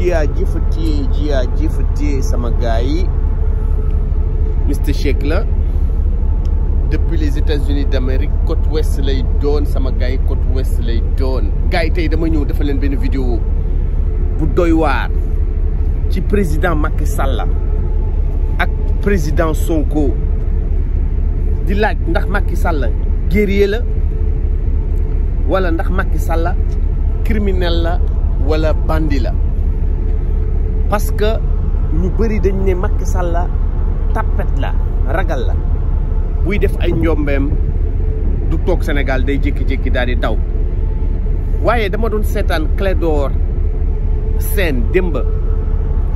jiya ji fate jiya ji sama gars mr Mister la depuis les États-Unis d'Amérique côte ouest lay doon sama gars côte ouest lay doon gars tay dama ñëw dafa leen vidéo bu doy war ci président Macky Sall ak président Sonko di laaj ndax Macky Sall guerrier la wala ndax Macky Sall criminel la wala bandi la parce que ñu bari dañ ne Macky Sall tapet la ragal la buy def ay njombeem du toog Sénégal day jékki-jékki daal di daw waaye dama doon seetaan Clédor Sène démb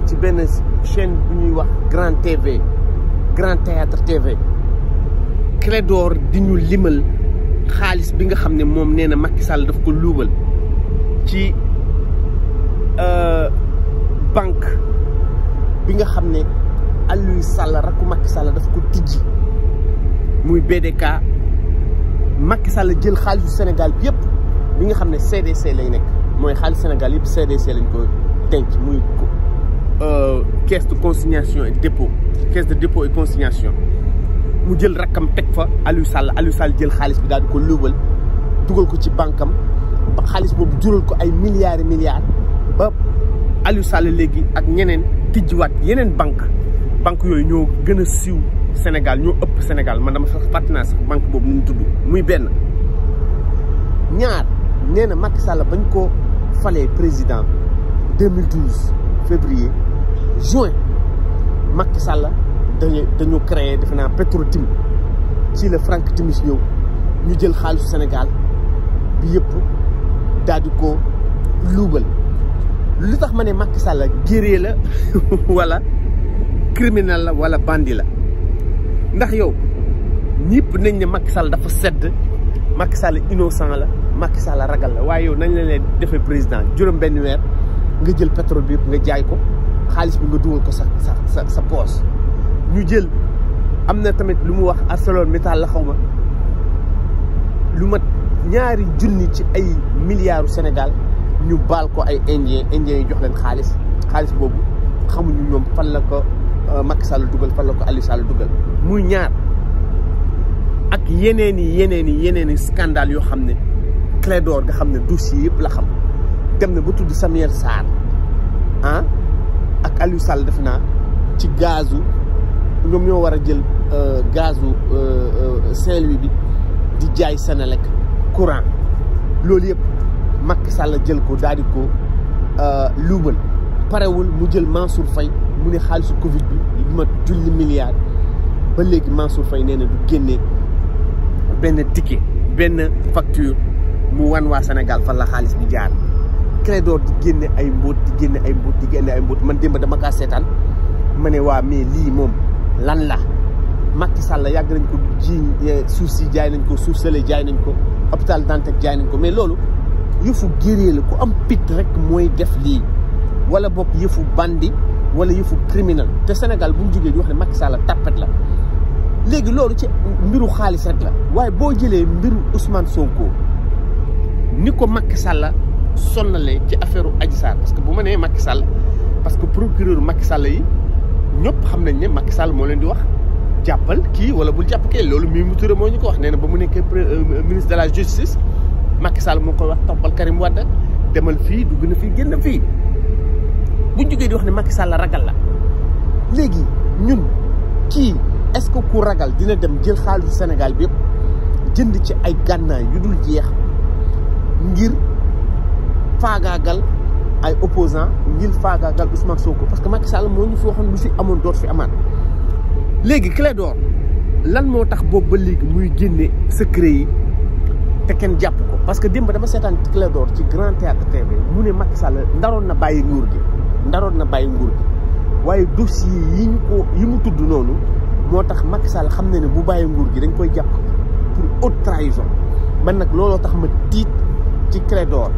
ci benn chaîne bu ñuy wax Grand TV Grand Théâtre TV Clédor di ñu limal xaalis bi nga xam ne moom nee na Macky Sall daf ko luubal ci. Euh, banque bi nga xamné ne Aliou Sall rakku Macky Sall daf ko tidji muy BDK Macky Sall jël xaalisu Sénégal bi yëpp bi nga xamné CDC lay nek moy xaalis Sénégal yépp CDC lañ ko denc muy euh, caisse de consignation et dépôt caisse de dépôt et consignation mu jël rakam tek fa Aliou Sall Aliou Sall jël xaalis bi daal di ko lóobal dugal ko ci bankam am ba xaalis boobu jural ko ay milliards milliards ba Aliou Sall léegi ak ñeneen tijjiwaat yeneen banque banque yooyu ñoo gën a siiw Sénégal ñoo ëpp Sénégal man dama sax fàtte naa sax banque boobu nu mu tudd muy benn ñaar nee makk Macky bañ ko falee président 2012 février juin Macky Sall dañu dañu créé defe naa Petrotim ci la Franck Timis yow ñu jël xaalisu Sénégal bi yëpp daal ko luubal lu tax ma ne Macky Sall guerrier la wala criminel la wala bandit la ndax yow ñëpp nañ ne Macky Sall dafa sedd Macky Sall innocent la Macky Sall ragal la waaye yow nañ la leen defee président juróom benn weer nga jël pétrole bi yëpp nga jaay ko xaalis bi nga dugal ko sa sa sa poos ñu jël am na tamit lu mu wax ArcelorMittal la xaw ma lu mat ñaari junni ci ay milliards Sénégal ñu baal ko ay indien indien yi jox leen xaalis xaalis boobu xamuñu ñoom fan la ko euh, Macky Sall dugal fan la ko Aliou Sall dugal muy ñaar ak yeneeni i yeneen i yeneen i scandale yoo xam ne Clédor nga xam ne dossier yëpp la xam dem na ba tudd Samuel Sarr ah ak Aliou def naa ci gazu ñoom ñoo war a jël euh, gazu euh, Saint-Louis bi di jaay Senelec courant loolu yëpp Macky Sall jël ko daal di ko euh, luubal parewul mu jël Mansour Faye mu ne xaalisu Covid bi ma julli milliard ba léegi Mansour Faye nee na du génnee benn ticket benn facture mu wan waa Sénégal fan la xaalis bi jaar Clédor di génne ay mbóot di génne ay mbóot di génne ay man démb dama kaa seetaan ma ne waa mais lii moom lan la Macky Sall yàgg nañ ko jiiñ eh, suuf si jaay nañ ko suuf sële jaay nañ ko hôpital Dantec jaay nañ ko mais loolu yëfu guerrier la ku am pit rek mooy def lii wala boog yëfu bandi wala yëfu criminel te Sénégal bu mu jógee di wax ne Macky Sall tàppet la léegi loolu ci mbiru xaalis rek la waaye boo jëlee mbiru Ousmane Sonko ni ko Macky Sall sonnalee ci affaire Adji Sarr parce que bu ma nee Macky Sall parce que procureur Macky Sall yi ñëpp xam nañ ne Macky Sall moo leen di wax jàppal kii wala bul jàpp kee loolu mii mu turé moo ñu ko wax nee ba mu nekkee euh, ministre de Macky Sall mu ngi koy wax toppal Karim Wade demal fii dugg na fii génn fii bu jugee di wax ne Macky Sall ragal la léegi ñun kii est-ce que ku ragal dina dem jël xaalisu senegal bi yëpp jënd ci ay gànnaay yu dul jeex ngir faagaagal ay opposant ngir faagaagal Ousmane Sonko parce que Macky Sall moo ñu fi waxoon lu fi amoon doot fi amaat léegi Clédor lan moo tax boobu ba léegi muy génne secret yi teken kenn jàpp ko parce que dimba dama seetaan Clédor ci Grand Théâtre TV mu Macky Sall ndaron na baye nguur gi ndaron na baye nguur gi waye dossier yi ñu ko yi mu tudd nonu motax Macky Sall xamné ne bu baye nguur gi dañ koy japp pour haute trahison man nak lolo tax ma tit ci Clédor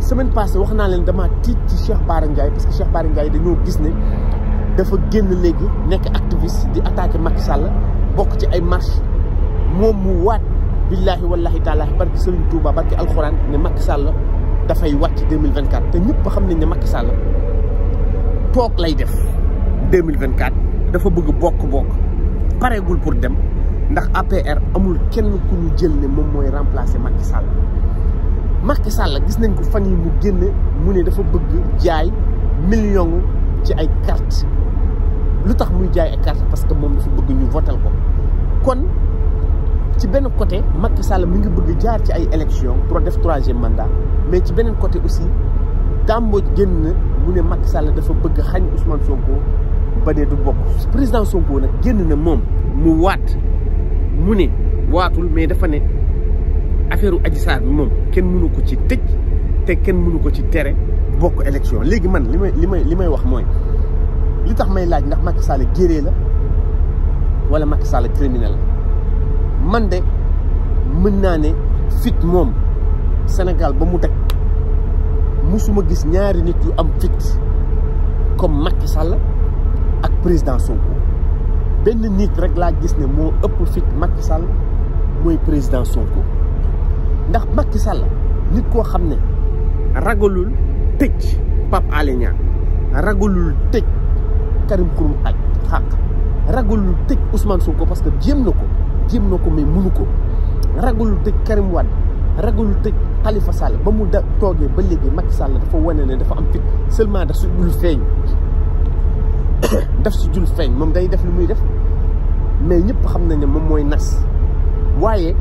semaine passée wax naa leen dama tit ci Cheikh Bara ndjay parce que Cheikh Bara ndjay dañu gis ne dafa genn léegi nek activiste di attaquer Macky Sall bok ci ay marche mom mu wat billahi wallahi taala barki Serigne Touba barki alxuraan ne Macky Sall fay wacc 2024 te ñepp xam nañ ne Macky Sall tok lay def 2024 dafa bëgg bok paré gul pour dem ndax APR amul kenn ku ñu jël ne mom moy remplacer Macky Sall Macky Sall gis nañ ko fan yi mu genn mu ne dafa bëgg jaay million ci ay carte lu muy jaay ay carte parce que moom dafa bëgg ñu votal ko kon ci benn côté Macky Sall mi ngi bëgg jaar ci ay élections pour def troisième mandat mais ci beneen côté aussi Dàmbo génn mu ne Macky Sall dafa bëgg xañ Ousmane Sonko ba ne du bokk président Sonko nag génn na moom mu waat mu ne waatul mais dafa ne affaire Adji moom kenn mënu ko ci tëj te kenn mënu ko ci tere bokk élection léegi man li may li may li may wax mooy li tax may laaj ndax Macky Sall géré la wala Macky Sall criminel man de fit mom Sénégal ba mu tek musuma gis ñaari nit yu am fit comme Macky Sall ak président Sonko benn nit rek la gis né mo ëpp fit Macky Sall moy président Sonko ndax Macky Sall nit ko xamné ragalul tëj Pape Karim Xrum Hak, ragalul tëj Ousmane Sonko parce que djem na jéem na ko mais munu ko ragul tëj Karim ragul tëj Khalifa Sall ba mu da toogee ba léegi Macky Sall dafa wane ne dafa am fit seulement daf si jul feeñ daf si jul feeñ moom day def li muy def mais ñëpp xam nañ ne moom mooy nas waaye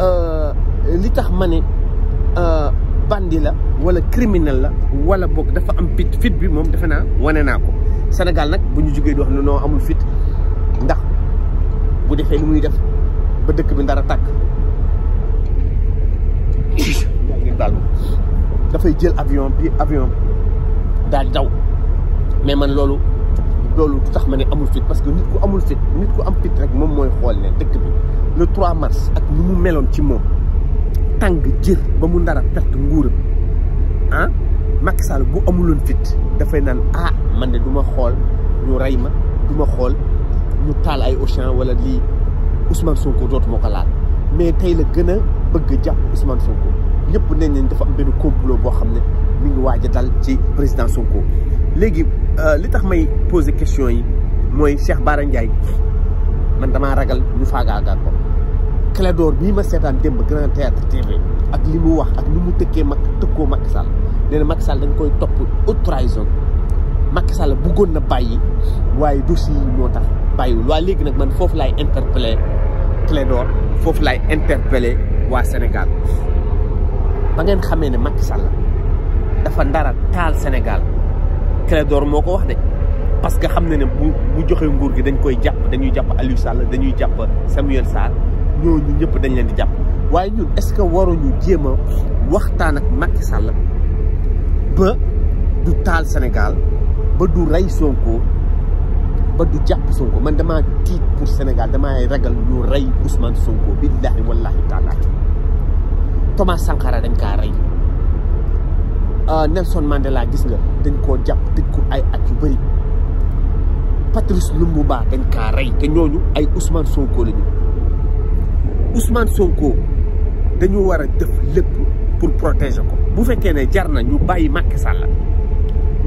euh, li tax ma ne euh, bandi la wala criminel la wala boog dafa am fit fit bi moom defe naa wane naa ko senegal nag bu ñu jógee di wax noo amul fit defee li muy def ba dëkk bi ndara tàkk dafay jël avion bi avion daal daw mais man loolu loolu du tax ma ne amul fit parce que nit ku amul fit nit ku am fit rek moom mooy xool ne dëkk bi le 3 mars ak ni mu meloon ci moom tàng jër ba mu ndara perte nguuram ah Macky Sall bu amuloon fit dafay naan ah man de du ma xool ñu rey ma duma xool ñu taal ay Auchan walla lii Ousmane Sonko dootu moo ko laal mais tey la gën a bëgg jàpp Ousmane Sonko ñëpp nee nañ dafa am benn complot boo xam ne mi ngi waaj a dal ci président Sonko. léegi euh, li tax may poser question yi mooy Cheikh Bara Ndiaye man damaa ragal ñu faagaagal ko Clédor bii ma seetaan démb Grand Théâtre TV ak li mu wax ak li mu tëkkee mag tëkkoo Macky Sall nee na Macky Sall dañ koy topp haute trahison Macky Sall bëggoon na bàyyi waaye dossier yi moo tax bàyyiwul waaye léegi nag man foofu laay interpellé Clédor foofu laay interpellé waa Sénégal ba ngeen xamee ne Macky Sall dafa ndara taal Sénégal Clédor moo ko wax de parce que xam na ne bu bu joxe nguur gi dañ koy jàpp dañuy jàpp Aliou Sall dañuy jàpp Samuel Sarr ñu ñëpp dañ leen di jàpp waaye ñun est-ce que waruñu jéem waxtaan ak Macky sàll ba du taal Sénégal ba du rey Sonko ba du jàpp Sonko man damaa tiit pour Sénégal damaa ragal ñu rey Ousmane Sonko billahi wallahi taala Thomas Sankara dañ kaa rey euh, Nelson laa gis nga dañ koo jàpp tëj ko ay at yu bëri Patrice baax dañ kaa rey te ñooñu ay Ousmane Sonko lañu Ousmane Sonko dañu war a def lépp pour protéger ko bu fekkee ne jar na ñu bàyyi Macky sàlla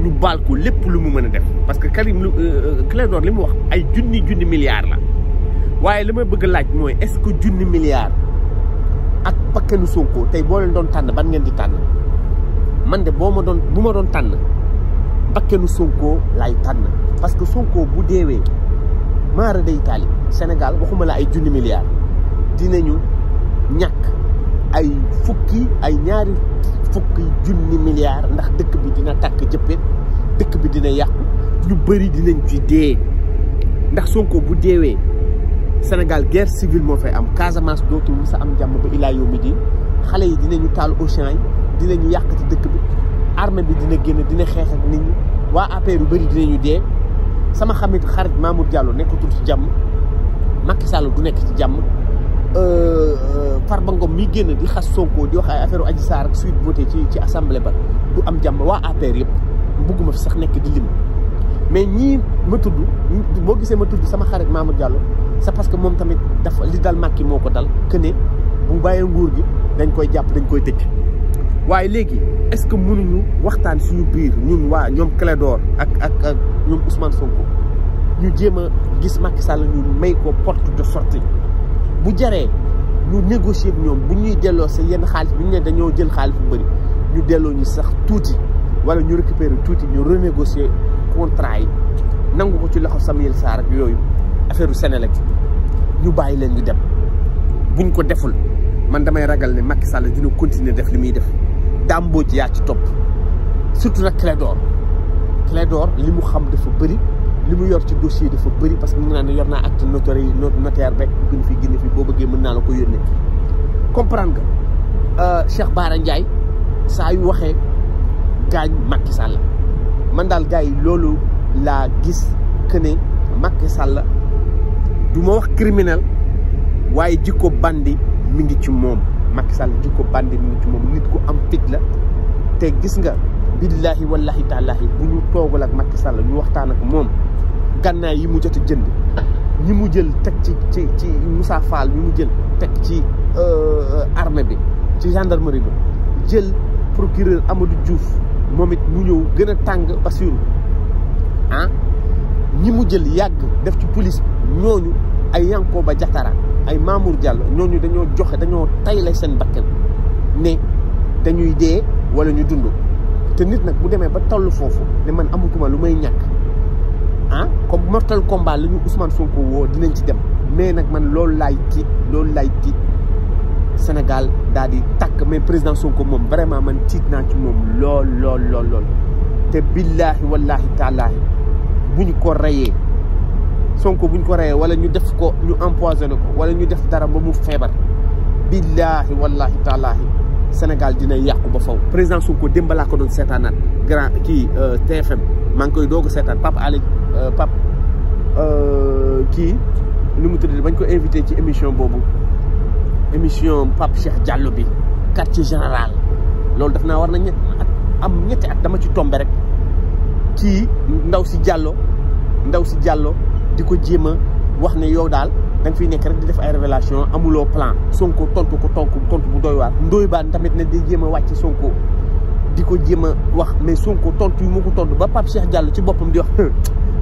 ñu baal ko lépp lu mu mën a def parce que Karim lu euh, euh, Clédor li mu wax ay junni junni milliards la waaye li may bëgg laaj mooy est-ce que junni milliards ak bakkanu Sonko tey boo leen doon tànn ban ngeen di tànn man de boo ma doon bu ma doon tànn bakkanu Sonko laay tànn parce que Sonko bu deewee maara day taali Sénégal waxuma la ay junni milliards dinañu ñàkk ay fukki ay ñaari fukki junni milliards ndax dëkk bi dina takk jëppee dëkk bi dina yàqu ñu bëri dinañ ci dee ndax Sonko bu deewee Sénégal guerre civile moo fa am Casamance dootul mu sa am jàmm ba ilaa yow mi xale yi dinañu taal Auchan yi ñu yàq ci dëkk bi armée bi dina génn dina xeex ak nit ñi waa APR yu bëri dinañu dee sama xamit xarit Mamour Diallo nekkatul ci jàmm Macky Sall du nekk ci jàmm Euh, euh, Farba Ngom mi génn di xas Sonko di wax ay affaire Adji Sarr ak suite voté ci ci assemblée ba du am jàmm waa APR yëpp bugguma fi sax nekk di lim mais ñii ma tudd boo gisee ma tudd sama xarit Mamour Diallo c'est parce que moom tamit dafa li dal Macky moo ko dal que ne bu bàyyee nguur gi dañ koy jàpp dañ koy tëj waaye léegi est-ce que mënuñu waxtaan suñu biir ñun waa ñoom Clédor ak ak ak ñoom Ousmane Sonko ñu jéem a gis Macky Sall ñu may ko porte de sortie bu jaree ñu négocier ñoom bu ñuy delloo sa yenn xaalis bu ñu ne dañoo jël xaalis bu bëri ñu delloo ñu sax tuuti wala ñu récupérer tuuti ñu renégocier contrat yi nangu ko ci loxo Samuel Sarr ak yooyu affaire Senelec ñu bàyyi leen ñu dem buñ ko deful man damay ragal ne Macky Sall dina continuer def li muy def dàmbooj yaa ci topp surtout nag Clédor Clédor li mu xam dafa bëri limu yor ci dossier dafa bëri parce que mu nane yor na acte notaire notaire beeg gën fi génn fi bo bëggee mën naa la ko yónnee comprendre nga euh, Cheikh Bara ndjay sa yu waxé gañ Macky Sall man dal gaay lolu la gis que ne Macky Sall du wax criminel waye jikko bandi mi ngi ci mom Macky Sall jikko bandi mi ngi ci mom nit ku am fit la te gis nga billahi wallahi taalahi bu ñu toogul ak Macky Sall ñu waxtaan ak mom gànnaay yi mu jot a jënd ñi mu jël teg ci ci ci Moussa Fall ñi mu jël teg ci euh, armée bi ci gendarmerie bi jël procureur Amadou juuf moom it mu ñëw gën a tàng Bassirou ah ñi mu jël yàgg def ci police ñooñu ay ba Diattara ay Mamour jàll ñooñu dañoo joxe dañoo tey tayle seen bakkan ne dañuy dee wala ñu dund te nit nag bu demee ba toll foofu ne man amatuma lu may ñàkk ah comme mortal combat la ñu Ousmane Sonko woo dinañ ci dem mais nag man loolu laay tiit loolu laay tiit Sénégal daal di tàkk mais président Sonko moom vraiment man tiit naa ci moom lool lool lool lool. te billaahi wallaahi taalaahi bu ñu ko reyee Sonko bu ñu ko reyee wala ñu def ko ñu empoisonné ko wala ñu def dara ba mu feebar billaahi wallaahi taalaahi. Sénégal dina yakku ba faw président Sonko démb laa ko doon seetaanaat grand kii euh, TFM maa koy dogu a pap ali pap euh kii ni mu tudd bañ ko invité ci émission bobu émission pap Cheikh Diallo bi quartier général lolou daf na war na ñett am ñetti at dama ci tomber rek kii ndaw si Diallo ndaw si Diallo diko ko wax ne yow dal da nga fiy nekk rek di def ay révélation amuloo plan Sonko tontu ko tontu tontu bu doy waar ndoy ban tamit ne di jema wacc Sonko diko jema wax mais Sonko tontu yi mu ko tontu ba pap Cheikh Diallo ci boppam di wax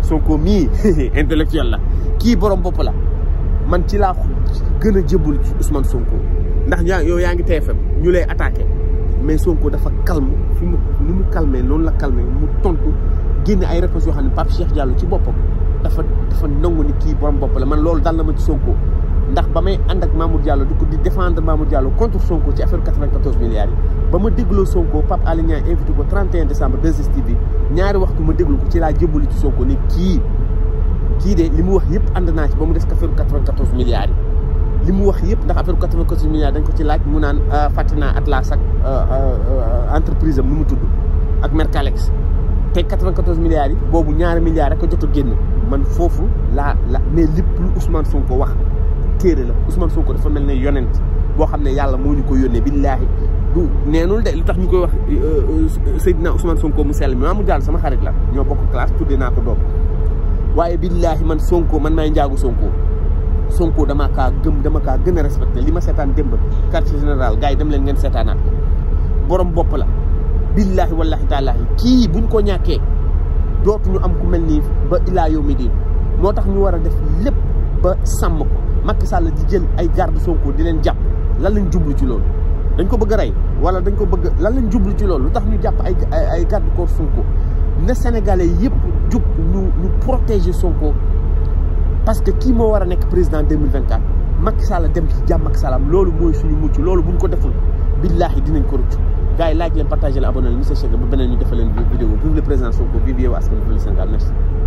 Sonko mi intellectuel la ki borom bop la man ci la gën a jëbul ci Ousmane Sonko ndax yaa yow yaa TFM ñu lay attaquer mais Sonko dafa calme fi mu ni mu calmer non la calmer mu tontu génne ay réponses yoo xam ne Pape Cheikh Diallo ci boppam. dafa dafa nangu ni kii borom bopp la man loolu dal na ma ci Sonko ndax ba may ànd ak Mamour Diallo di ko di défendre Mamour Diallo contre Sonko ci affaire 94 milliards yi ba ma dégloo Sonko Pape Alé Niang invité ko 31 décembre 2STV ñaari waxtu ma déglu ko ci laa jëmbali ci Sonko ni kii kii de li mu wax yëpp ànd naa ci ba mu des affaire 94 milliards yi. li mu wax yëpp ndax affaire 94 milliards dañ ko ci laaj mu naan euh, fàttali naa Atlas ak euh, euh, entreprise am nu mu tudd ak Mercalex te 94 milliards yi boobu ñaari milliards rek ko jot a génn. man foofu laa la mais lépp lu Ousmane Sonko wax téere la Ousmane Sonko dafa mel ne yonent boo xam ne yàlla moo ñu ko yónnee billaahi du neenul de lu tax ñu koy wax euh, euh, Seydina Ousmane Sonko mu sell mi maamu daal sama xarit la ñoo bokk classe tuddee naa ko doom waaye billaahi man Sonko man maay njaagu Sonko Sonko dama kaa gëm dama kaa gën a respecté li ma seetaan démb quartier général gars yi dem leen ngeen seetaanaat ko borom bopp la billaahi wallaahi taalaahi kii buñ ko ñàkkee. dootuñu am ku mel nii ba ilaa yow mi diin moo tax ñu war a def lépp ba sàmm ko Macky Sall di jël ay garde Sonko di leen jàpp lan lañ jublu ci loolu dañ ko bëgg rey wala dañ ko bëgg lan lañ jublu ci loolu lu tax ñu jàpp ay ay garde corps Sonko ne sénégalais yëpp jub ñu ñu protéger Sonko parce que kii moo war a nekk président 2024 Macky Sall dem ci jàmm ak salaam loolu mooy suñu mucc loolu buñ ko deful billaahi dinañ ko rëcc gars yi like leen partager leen abonné leen monsieur Cheikh ba beneen ñu defal leen vidéo vive le président Sonko vive Yewwi Askan Wi vive le Sénégal merci